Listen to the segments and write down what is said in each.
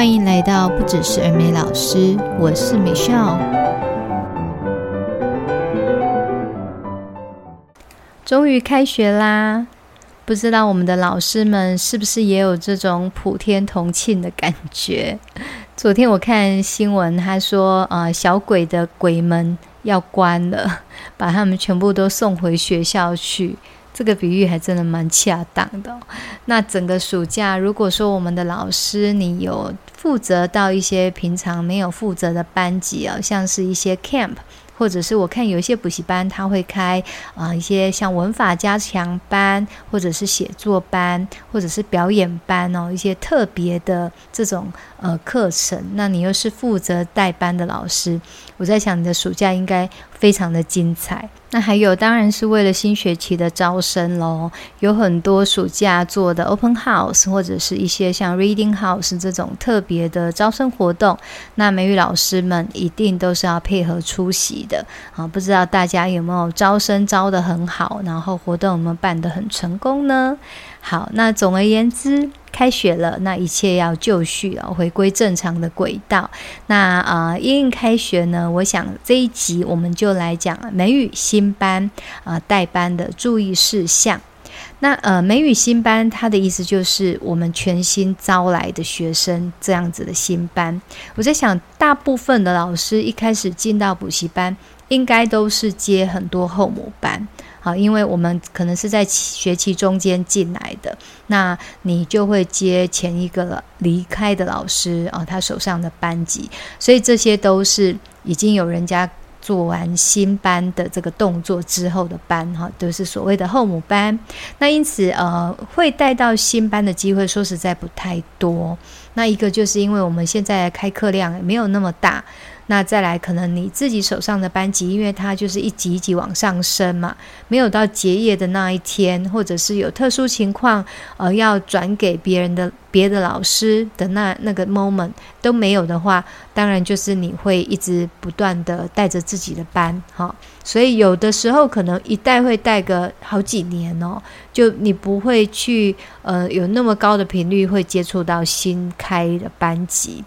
歡迎來到不只是兒美老師，我是美少。終於開學啦！不知道我們的老師們是不是也有這種普天同慶的感覺？昨天我看新聞，他說：“呃，小鬼的鬼門要關了，把他們全部都送回學校去。”這個比喻還真的蠻恰當的。那整個暑假，如果說我們的老師你有，負責到一些平常沒有負責的班級哦，像是一些 camp，或者是我看有一些補習班他會開啊、呃、一些像文法加強班，或者是寫作班，或者是表演班哦，一些特別的這種呃課程。那你又是負責帶班的老師，我在想你的暑假應該。非常的精彩。那還有，當然是為了新學期的招生咯。有很多暑假做的 open house 或者是一些像 reading house 這種特別的招生活動。那美語老師們一定都是要配合出席的啊、哦！不知道大家有沒有招生招得很好，然後活動有沒有辦得很成功呢？好，那總而言之，開學了，那一切要就緒了，回歸正常的軌道。那啊、呃，因應開學呢，我想這一集我們就來講美語新班啊帶班的注意事項。那呃，美語新班，它的意思就是我們全新招來的學生這樣子的新班。我在想，大部分的老師一開始進到補習班，應該都是接很多後母班。好，因為我們可能是在學期中間進來的，那你就會接前一個離開的老師啊，他手上的班級，所以這些都是已經有人家做完新班的這個動作之後的班哈，都、啊，就是所謂的後母班。那因此呃，會帶到新班的機會，說實在不太多。那一個就是因為我們現在的開課量沒有那麼大，那再來可能你自己手上的班級，因為它就是一級一級往上升嘛，沒有到結業的那一天，或者是有特殊情況，呃，要轉給別人的。別的老師的那那個 moment 都沒有的話，當然就是你會一直不斷的帶着自己的班哈、哦，所以有的時候可能一帶會帶個好幾年哦，就你不會去呃有那麼高的頻率會接觸到新開的班級。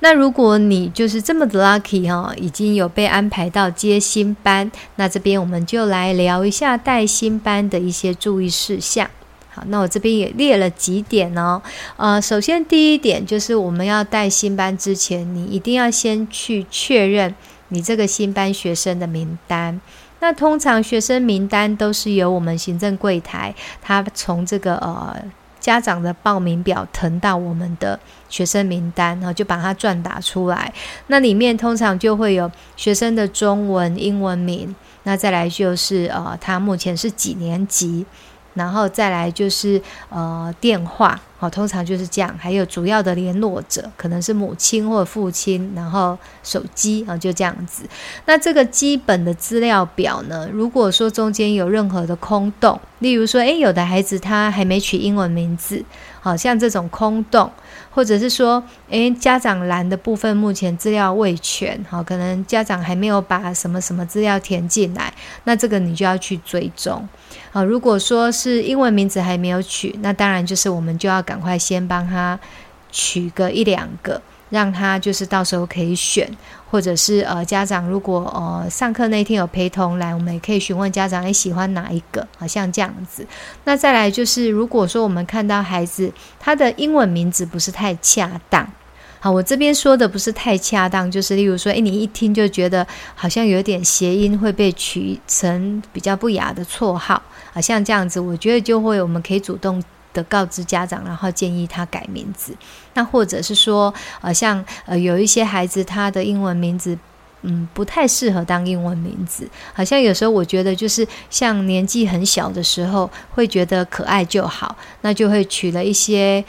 那如果你就是這麼的 lucky 哈、哦，已經有被安排到接新班，那這邊我們就來聊一下帶新班的一些注意事項。好，那我這邊也列了幾點哦。呃，首先第一點就是，我們要帶新班之前，你一定要先去確認你這個新班學生的名單。那通常學生名單都是由我們行政櫃檯，他從這個呃家長的報名表謄到我們的學生名單，然後就把它轉打出來。那裡面通常就會有學生的中文、英文名，那再來就是呃，他目前是幾年級。然後再來就是，呃，電話。通常就是這樣，還有主要的聯絡者可能是母親或父親，然後手機啊就這樣子。那這個基本的資料表呢，如果說中間有任何的空洞，例如說，誒，有的孩子他還沒取英文名字，好像這種空洞，或者是說，誒，家長欄的部分目前資料未全，好，可能家長還沒有把什麼什麼資料填進來，那這個你就要去追蹤。好，如果說是英文名字還沒有取，那當然就是我們就要趕快先幫他取個一兩個，讓他就是到時候可以選，或者是呃家長如果呃上課那天有陪同來，我們也可以詢問家長，哎、欸、喜歡哪一個？好，像這樣子。那再來就是，如果說我們看到孩子他的英文名字不是太恰當，好，我這邊說的不是太恰當，就是例如說，誒、欸，你一聽就覺得好像有點諧音會被取成比較不雅的綽號，好，像這樣子，我覺得就會我們可以主動。的告知家長，然後建議他改名字。那或者是說，呃，像呃，有一些孩子他的英文名字，嗯，不太適合當英文名字。好像有時候我覺得，就是像年紀很小的時候，會覺得可愛就好，那就會取了一些。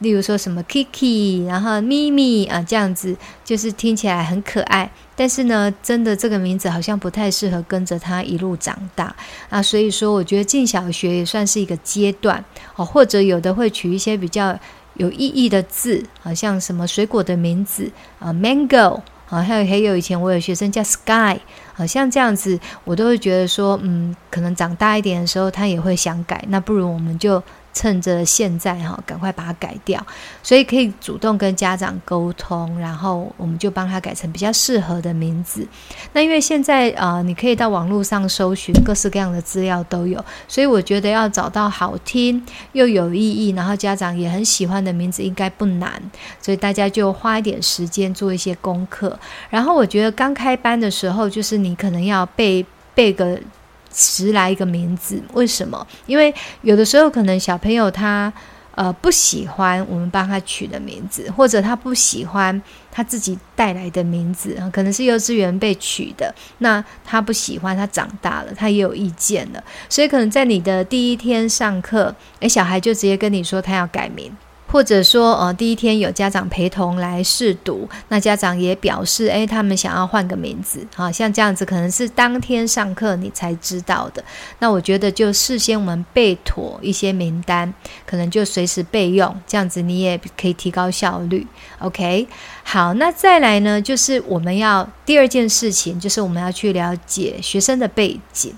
例如說什麼 Kiki，然後咪咪啊這樣子，就是聽起來很可愛。但是呢，真的這個名字好像不太適合跟着他一路長大啊。所以說，我覺得進小學也算是一個階段哦，啊，或者有的會取一些比較有意義的字，好，啊，像什麼水果的名字啊，Mango 啊，還有還有以前我有學生叫 Sky 啊，像這樣子，我都會覺得說，嗯。可能長大一點的時候，他也會想改。那不如我們就趁着現在哈、哦，趕快把它改掉。所以可以主動跟家長溝通，然後我們就幫他改成比較適合的名字。那因為現在啊、呃，你可以到網絡上搜尋各式各樣的資料都有，所以我覺得要找到好聽又有意義，然後家長也很喜歡的名字，應該不難。所以大家就花一點時間做一些功課。然後我覺得剛開班的時候，就是你可能要背背個。十來個名字，為什麼？因為有的時候可能小朋友他呃不喜歡我們幫他取的名字，或者他不喜歡他自己帶來的名字，可能是幼稚園被取的，那他不喜歡，他長大了，他也有意見了，所以可能在你的第一天上課，哎、欸，小孩就直接跟你說他要改名。或者說，呃，第一天有家長陪同來試讀，那家長也表示，哎，他們想要換個名字，啊，像這樣子，可能是當天上課你才知道的。那我覺得就事先我們備妥一些名單，可能就隨時備用，這樣子你也可以提高效率。OK，好，那再來呢，就是我們要第二件事情，就是我們要去了解學生的背景。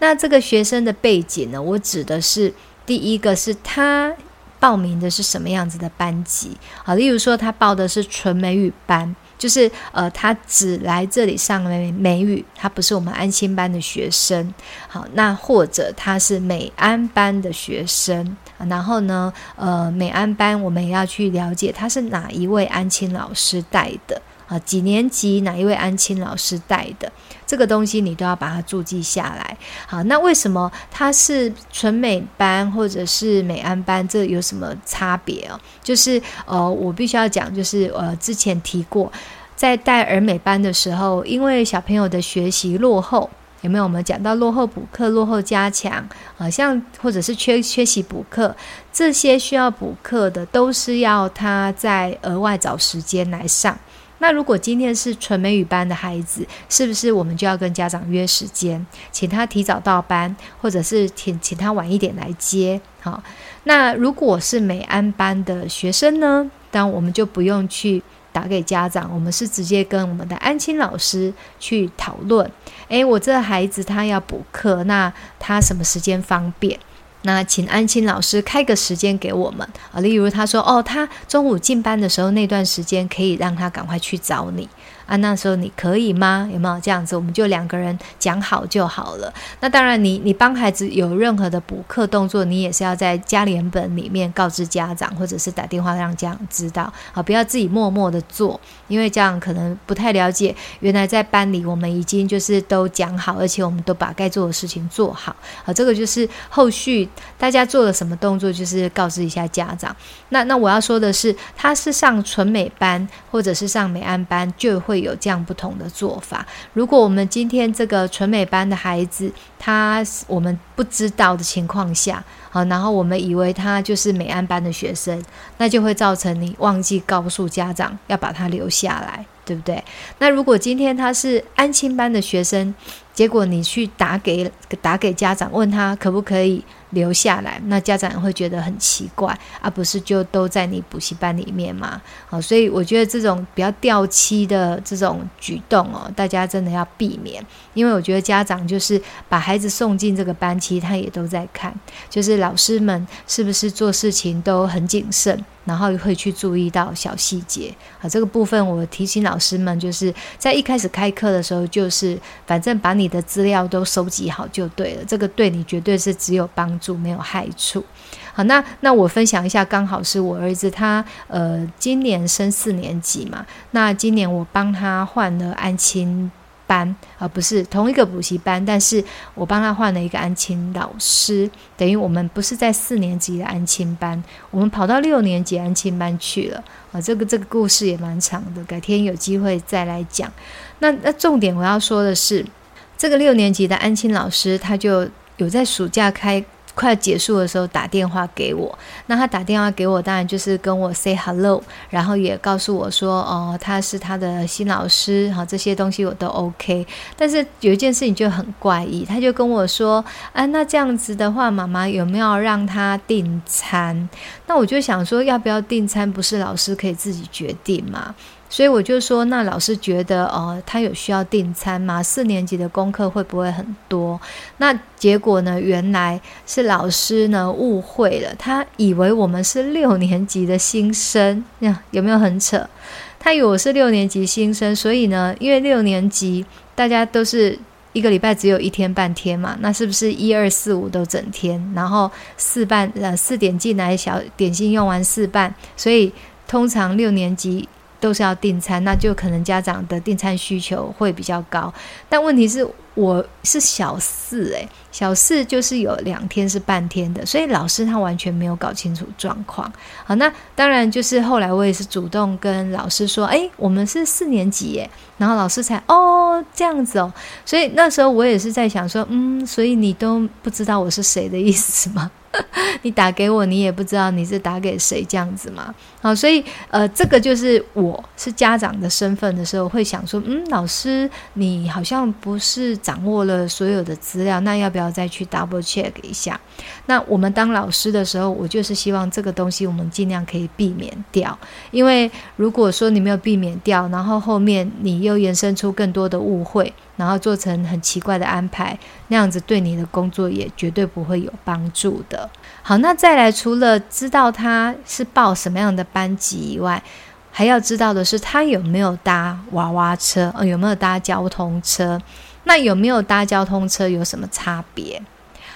那這個學生的背景呢，我指的是第一個是他。報名的是什麼樣子的班級？好，例如說他報的是純美語班，就是呃，他只來這裡上了美美語，他不是我們安親班的學生。好，那或者他是美安班的學生，然後呢，呃，美安班我們也要去了解他是哪一位安親老師帶的。啊，幾年級，哪一位安親老師帶的這個東西，你都要把它注記下來。好，那為什麼它是純美班或者是美安班？這有什麼差別？就是呃、哦，我必須要講，就是呃，之前提過，在帶兒美班的時候，因為小朋友的學習落後，有沒有？我們講到落後補課、落後加強，呃，像或者是缺缺席補課，這些需要補課的，都是要他在額外找時間來上。那如果今天是純美語班的孩子，是不是我們就要跟家長約時間，請他提早到班，或者是請請他晚一點來接？好，那如果是美安班的學生呢？當然我們就不用去打給家長，我們是直接跟我們的安親老師去討論。誒，我這孩子他要補課，那他什麼時間方便？那請安親老師開個時間給我們啊，例如他說哦，他中午進班的時候那段時間，可以讓他趕快去找你。啊，那時候你可以嗎？有沒有這樣子？我們就兩個人講好就好了。那當然你，你你幫孩子有任何的補課動作，你也是要在家聯本裡面告知家長，或者是打電話讓家長知道啊，不要自己默默的做，因為家長可能不太了解，原來在班裡我們已經就是都講好，而且我們都把該做的事情做好啊。這個就是後續大家做了什麼動作，就是告知一下家長。那那我要說的是，他是上純美班或者是上美安班，就會。有這樣不同的做法。如果我們今天這個純美班的孩子，他我們不知道的情況下，好，然後我們以為他就是美安班的學生，那就會造成你忘記告訴家長要把他留下來，對不對？那如果今天他是安親班的學生，結果你去打給打給家長，問他可不可以？留下來，那家長會覺得很奇怪啊，不是就都在你補習班裡面嗎？啊，所以我覺得這種比較掉漆的這種舉動哦，大家真的要避免，因為我覺得家長就是把孩子送進這個班，其實他也都在看，就是老師們是不是做事情都很謹慎。然後會去注意到小細節，好，這個部分我提醒老師們，就是在一開始開課的時候，就是反正把你的資料都收集好就對了，這個對你絕對是只有幫助沒有害處。好，那那我分享一下，剛好是我兒子他呃今年升四年級嘛，那今年我幫他換了安親班啊、呃，不是同一個補習班，但是我幫他換了一個安親老師，等於我們不是在四年級的安親班，我們跑到六年級安親班去了啊、呃。這個這個故事也蠻長的，改天有機會再來講。那那重點我要說的是，這個六年級的安親老師，他就有在暑假開快結束的時候打電話給我，那他打電話給我，當然就是跟我 say hello，然後也告訴我說，哦，他是他的新老師，好，哦，這些東西我都 OK，但是有一件事情就很怪異，他就跟我說，啊，那這樣子的話，媽媽有沒有讓他訂餐？那我就想說，要不要訂餐？不是老師可以自己決定嗎？所以我就說，那老師覺得，呃，他有需要訂餐嗎？四年級的功課會不會很多？那結果呢？原來是老師呢誤會了，他以為我們是六年級的新生，這有沒有很扯？他以為我是六年級新生，所以呢，因為六年級大家都是一個禮拜只有一天半天嘛，那是不是一二四五都整天？然後四半，呃，四點進來，小點心用完四半，所以通常六年級。都是要訂餐，那就可能家長的訂餐需求會比較高。但問題是，我是小四、欸，誒，小四就是有兩天是半天的，所以老師他完全沒有搞清楚狀況。好，那當然就是後來我也是主動跟老師說，哎，我們是四年級、欸，哎，然後老師才哦這樣子哦。所以那時候我也是在想說，嗯，所以你都不知道我是誰的意思嗎？ 你打給我，你也不知道你是打給誰這樣子嘛？好，所以呃，這個就是我是家長的身份的時候，會想說，嗯，老師你好像不是掌握了所有的資料，那要不要再去 double check 一下？那我們當老師的時候，我就是希望這個東西我們尽量可以避免掉，因為如果說你沒有避免掉，然後後面你又延伸出更多的誤會。然後做成很奇怪的安排，那樣子對你的工作也絕對不會有幫助的。好，那再來，除了知道他是報什麼樣的班級以外，還要知道的是他有沒有搭娃娃車哦，有沒有搭交通車？那有沒有搭交通車有什麼差別啊？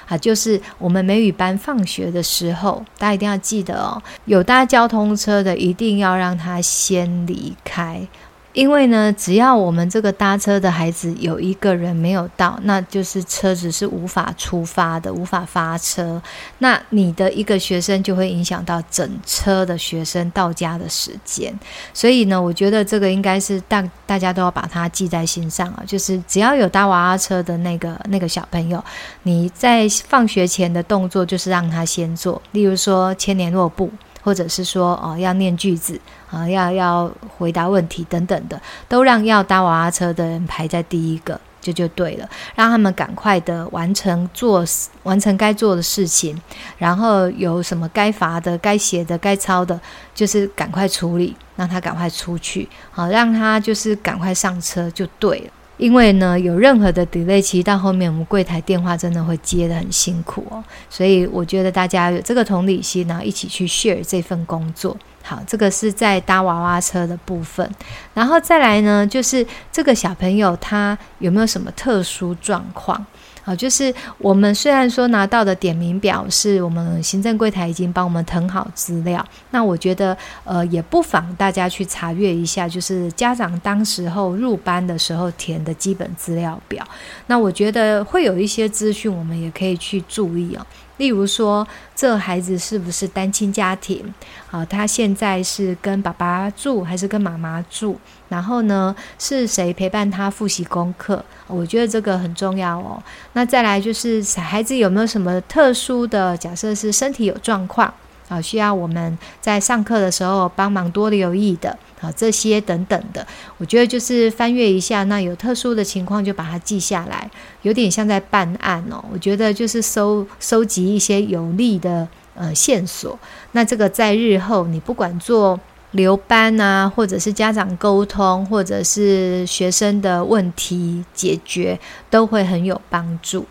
好，就是我們美語班放學的時候，大家一定要記得哦，有搭交通車的一定要讓他先離開。因為呢，只要我們這個搭車的孩子有一個人沒有到，那就是車子是無法出發的，無法發車。那你的一個學生就會影響到整車的學生到家的時間。所以呢，我覺得這個應該是大大家都要把它記在心上啊。就是只要有搭娃娃車的那個那個小朋友，你在放學前的動作就是讓他先做，例如說簽聯絡簿。或者是說哦，要念句子啊、哦，要要回答問題等等的，都讓要搭娃娃車的人排在第一個，這就，就對了。讓他們趕快的完成做完成該做的事情，然後有什麼該罰的、該寫的、該抄的，就是趕快處理，讓他趕快出去，好、哦、讓他就是趕快上車就對了。因為呢，有任何的 delay，其實到後面我們櫃台電話真的會接得很辛苦哦，所以我覺得大家有這個同理心，然後一起去 share 這份工作。好，這個是在搭娃娃車的部分，然後再來呢，就是這個小朋友他有沒有什麼特殊狀況？好、哦，就是我們雖然說拿到的點名表是我們行政櫃台已經幫我們謄好資料，那我覺得呃也不妨大家去查閱一下，就是家長當時候入班的時候填的基本資料表，那我覺得會有一些資訊我們也可以去注意哦。例如說，這孩子是不是單親家庭？好、啊，他現在是跟爸爸住還是跟媽媽住？然後呢，是誰陪伴他復習功課？我覺得這個很重要哦。那再來就是，孩子有沒有什麼特殊的？假設是身體有狀況。啊，需要我們在上課的時候幫忙多留意的，好，這些等等的，我覺得就是翻閱一下。那有特殊的情況就把它記下來，有點像在辦案哦。我覺得就是收收集一些有利的呃線索。那這個在日後，你不管做留班啊，或者是家長溝通，或者是學生的問題解決，都會很有幫助。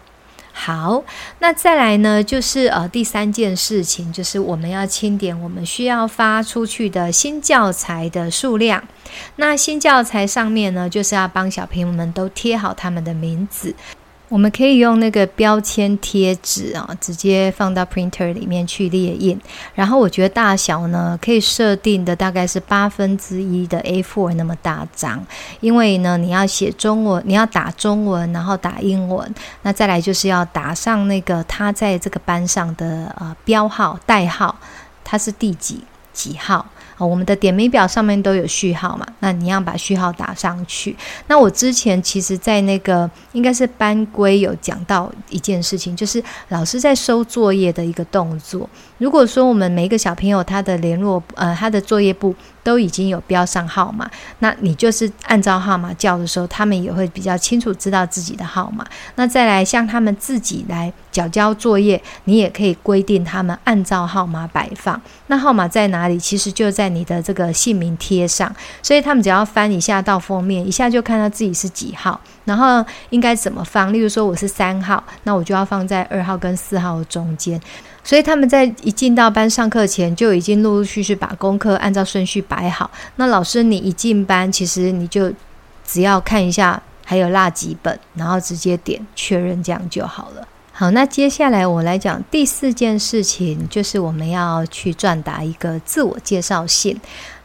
好，那再來呢，就是呃，第三件事情，就是我們要清點我們需要發出去的新教材的數量。那新教材上面呢，就是要幫小朋友們都貼好他們的名字。我們可以用那個標籤貼紙啊、哦，直接放到 printer 裡面去列印。然後我覺得大小呢，可以設定的大概是八分之一的 A4 那麼大張，因為呢，你要寫中文，你要打中文，然後打英文，那再來就是要打上那個他在這個班上的呃標號、代號，他是第幾幾號。哦，我們的點名表上面都有序號嘛，那你要把序號打上去。那我之前其實，在那個應該是班規有講到一件事情，就是老師在收作業的一個動作。如果說我們每一個小朋友他的聯絡呃他的作業簿，都已經有標上號碼，那你就是按照號碼叫的時候，他們也會比較清楚知道自己的號碼。那再來向他們自己來繳交作業，你也可以規定他們按照號碼擺放。那號碼在哪裡？其實就在你的這個姓名貼上，所以他們只要翻一下到封面，一下就看到自己是幾號。然後應該怎麼放？例如說我是三號，那我就要放在二號跟四號中間。所以他們在一進到班上課前，就已經陸陸續續把功課按照順序擺好。那老師你一進班，其實你就只要看一下還有落幾本，然後直接點確認，這樣就好了。好，那接下來我來講第四件事情，就是我們要去撰打一個自我介紹信。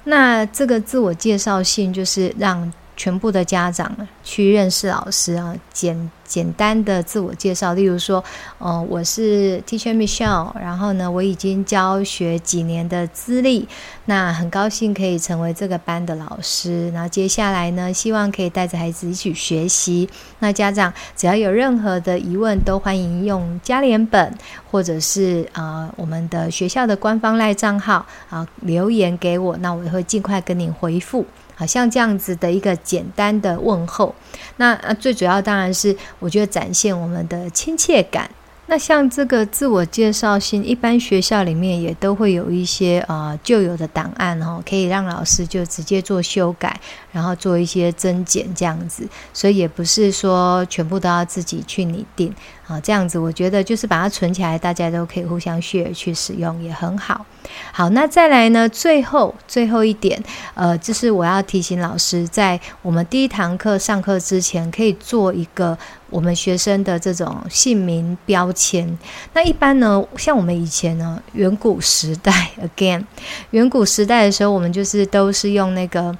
那這個自我介紹信就是讓。全部的家長去認識老師啊，簡簡單的自我介紹，例如說，呃，我是 Teacher Michelle，然後呢，我已經教學幾年的資歷，那很高興可以成為這個班的老師，那接下來呢，希望可以帶着孩子一起去學習。那家長只要有任何的疑問，都歡迎用家聯本或者是啊、呃，我們的學校的官方賴賬號啊、呃、留言給我，那我會盡快跟您回復。好像這樣子的一個簡單的問候，那呃最主要當然是我覺得展現我們的親切感。那像這個自我介紹信，一般學校裡面也都會有一些呃舊有的檔案哦，可以讓老師就直接做修改。然後做一些增減這樣子，所以也不是說全部都要自己去擬定啊。這樣子，我覺得就是把它存起來，大家都可以互相學去使用，也很好。好，那再來呢？最後最後一點，呃，就是我要提醒老師，在我們第一堂課上課之前，可以做一個我們學生的這種姓名標籤。那一般呢，像我們以前呢，遠古時代 again，遠古時代的時候，我們就是都是用那個。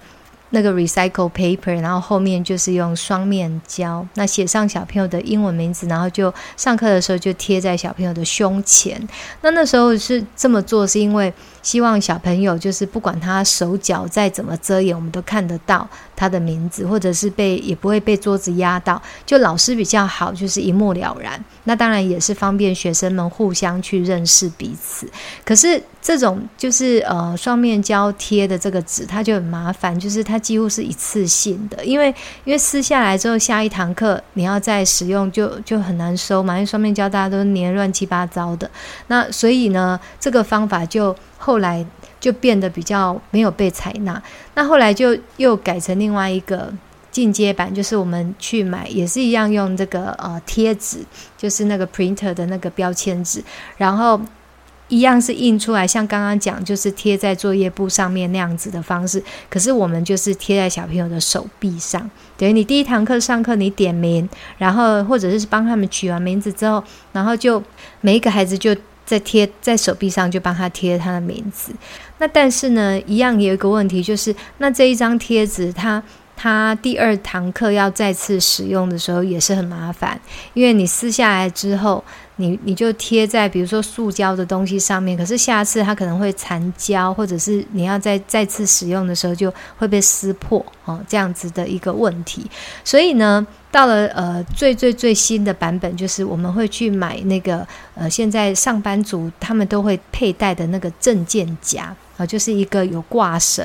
那個 recycle paper，然後後面就是用雙面膠，那寫上小朋友的英文名字，然後就上課的時候就貼在小朋友的胸前。那那時候是這麼做，是因為。希望小朋友就是不管他手腳再怎麼遮掩，我們都看得到他的名字，或者是被也不會被桌子壓到。就老師比較好，就是一目了然。那當然也是方便學生們互相去認識彼此。可是這種就是呃雙面膠貼的這個紙，它就很麻煩，就是它幾乎是一次性的，因為因為撕下來之後，下一堂課你要再使用就就很難收嘛，因為雙面膠大家都粘亂七八糟的。那所以呢，這個方法就。後來就變得比較沒有被採納。那後來就又改成另外一個進階版，就是我們去買也是一樣用這個呃貼紙，就是那個 printer 的那個標籤紙，然後一樣是印出來，像剛剛講就是貼在作業簿上面那樣子的方式。可是我們就是貼在小朋友的手臂上，等於你第一堂課上課你點名，然後或者是幫他們取完名字之後，然後就每一個孩子就。在貼在手臂上就幫他貼他的名字，那但是呢，一樣也有一個問題，就是那這一張貼紙，他他第二堂課要再次使用的時候也是很麻煩，因為你撕下來之後。你你就貼在比如說塑膠的東西上面，可是下次它可能會殘膠，或者是你要再再次使用的時候就會被撕破哦，這樣子的一個問題。所以呢，到了呃最最最新的版本，就是我們會去買那個呃現在上班族他們都會佩戴的那個證件夾啊，呃，就是一個有掛繩，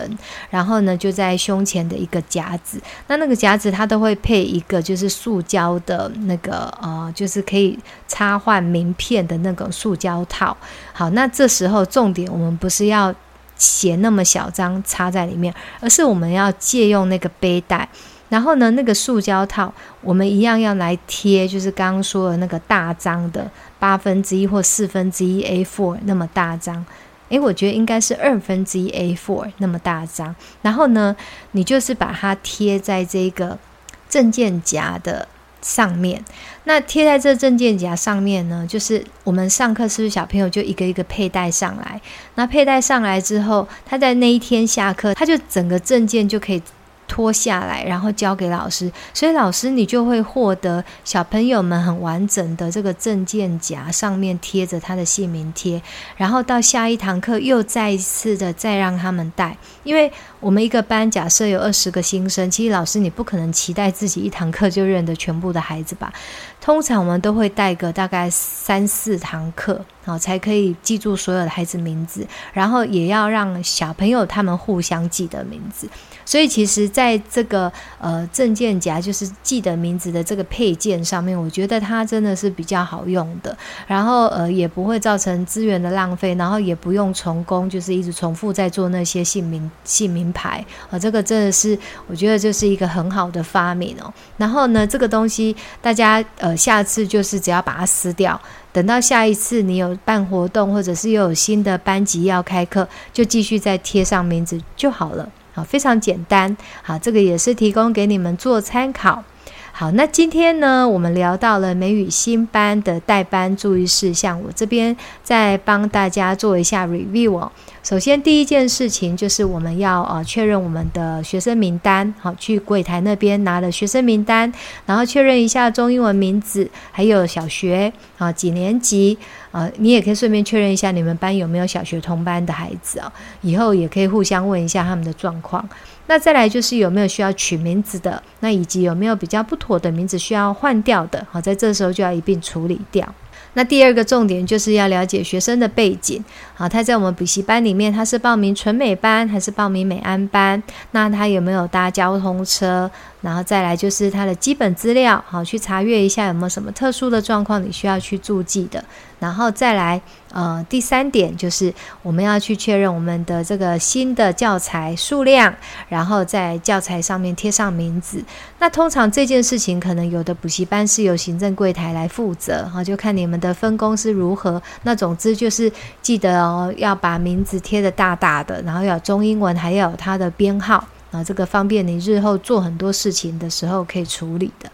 然後呢就在胸前的一個夾子。那那個夾子它都會配一個就是塑膠的那個呃，就是可以插換。名片的那個塑膠套，好，那這時候重點我們不是要寫那麼小張插在裡面，而是我們要借用那個背帶，然後呢，那個塑膠套我們一樣要來貼，就是剛剛說的那個大張的八分之一或四分之一 A4 那麼大張，誒，我覺得應該是二分之一 A4 那麼大張，然後呢，你就是把它貼在這個證件夾的。上面，那貼在這證件夾上面呢？就是我們上課是不是小朋友就一個一個佩戴上來？那佩戴上來之後，他在那一天下課，他就整個證件就可以。脫下來，然後交給老師，所以老師你就會獲得小朋友們很完整的這個證件夾，上面貼着他的姓名貼，然後到下一堂課又再一次的再讓他們帶，因為我們一個班假設有二十個新生，其實老師你不可能期待自己一堂課就認得全部的孩子吧？通常我們都會帶個大概三四堂課。哦，才可以記住所有的孩子名字，然後也要讓小朋友他們互相記得名字。所以其實，在這個呃證件夾就是記得名字的這個配件上面，我覺得它真的是比較好用的。然後呃，也不會造成資源的浪費，然後也不用重工，就是一直重複在做那些姓名姓名牌，呃，這個真的是我覺得就是一個很好的發明哦。然後呢，這個東西大家呃下次就是只要把它撕掉。等到下一次你有辦活動，或者是又有新的班級要開課，就繼續再貼上名字就好了。好，非常簡單。好，這個也是提供給你們做參考。好，那今天呢，我們聊到了美語新班的代班注意事項。我這邊再幫大家做一下 review 哦。首先，第一件事情就是我們要呃確認我們的學生名單，好、呃、去櫃檯那邊拿了學生名單，然後確認一下中英文名字，還有小學啊、呃、幾年級啊、呃。你也可以順便確認一下你們班有沒有小學同班的孩子啊、呃，以後也可以互相問一下他們的狀況。那再來就是有沒有需要取名字的，那以及有沒有比較不妥的名字需要換掉的，好，在這時候就要一併處理掉。那第二個重點就是要了解學生的背景，好，他在我們補習班裡面他是報名純美班還是報名美安班？那他有沒有搭交通車？然後再來就是他的基本資料，好，去查閱一下有沒有什麼特殊的狀況你需要去注記的，然後再來。呃，第三點就是我們要去確認我們的這個新的教材數量，然後在教材上面貼上名字。那通常這件事情可能有的補習班是由行政櫃檯來負責哈，就看你們的分工是如何。那總之就是記得哦，要把名字貼得大大的，然後有中英文，還要有它的編號。啊，這個方便你日後做很多事情的時候可以處理的。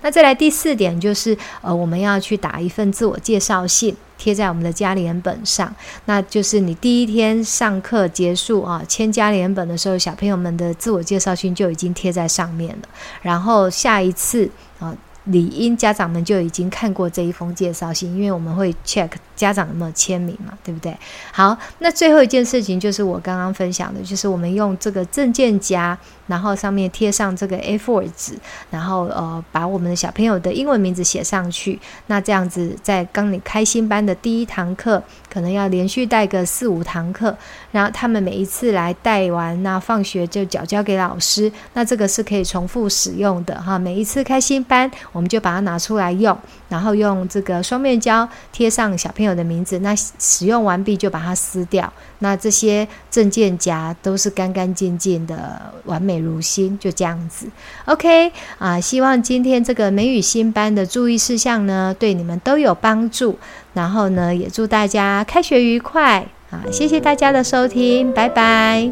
那再來第四點就是，呃，我們要去打一份自我介紹信，貼在我們的家聯本上。那就是你第一天上課結束啊，簽家聯本的時候，小朋友們的自我介紹信就已經貼在上面了。然後下一次啊，理應家長們就已經看過這一封介紹信，因為我們會 check。家長有沒有簽名嘛？對不對？好，那最後一件事情就是我剛剛分享的，就是我們用這個證件夾，然後上面貼上這個 A4 紙，然後呃，把我們的小朋友的英文名字寫上去。那這樣子，在剛你開新班的第一堂課，可能要連續帶個四五堂課，然後他們每一次來帶完那放學就繳交給老師。那這個是可以重複使用的哈，每一次開新班，我們就把它拿出來用。然後用這個雙面膠貼上小朋友的名字，那使用完畢就把它撕掉。那這些證件夾都是乾乾淨淨的，完美如新，就這樣子。OK 啊，希望今天這個美語新班的注意事項呢，對你們都有幫助。然後呢，也祝大家開學愉快啊！謝謝大家的收聽，拜拜。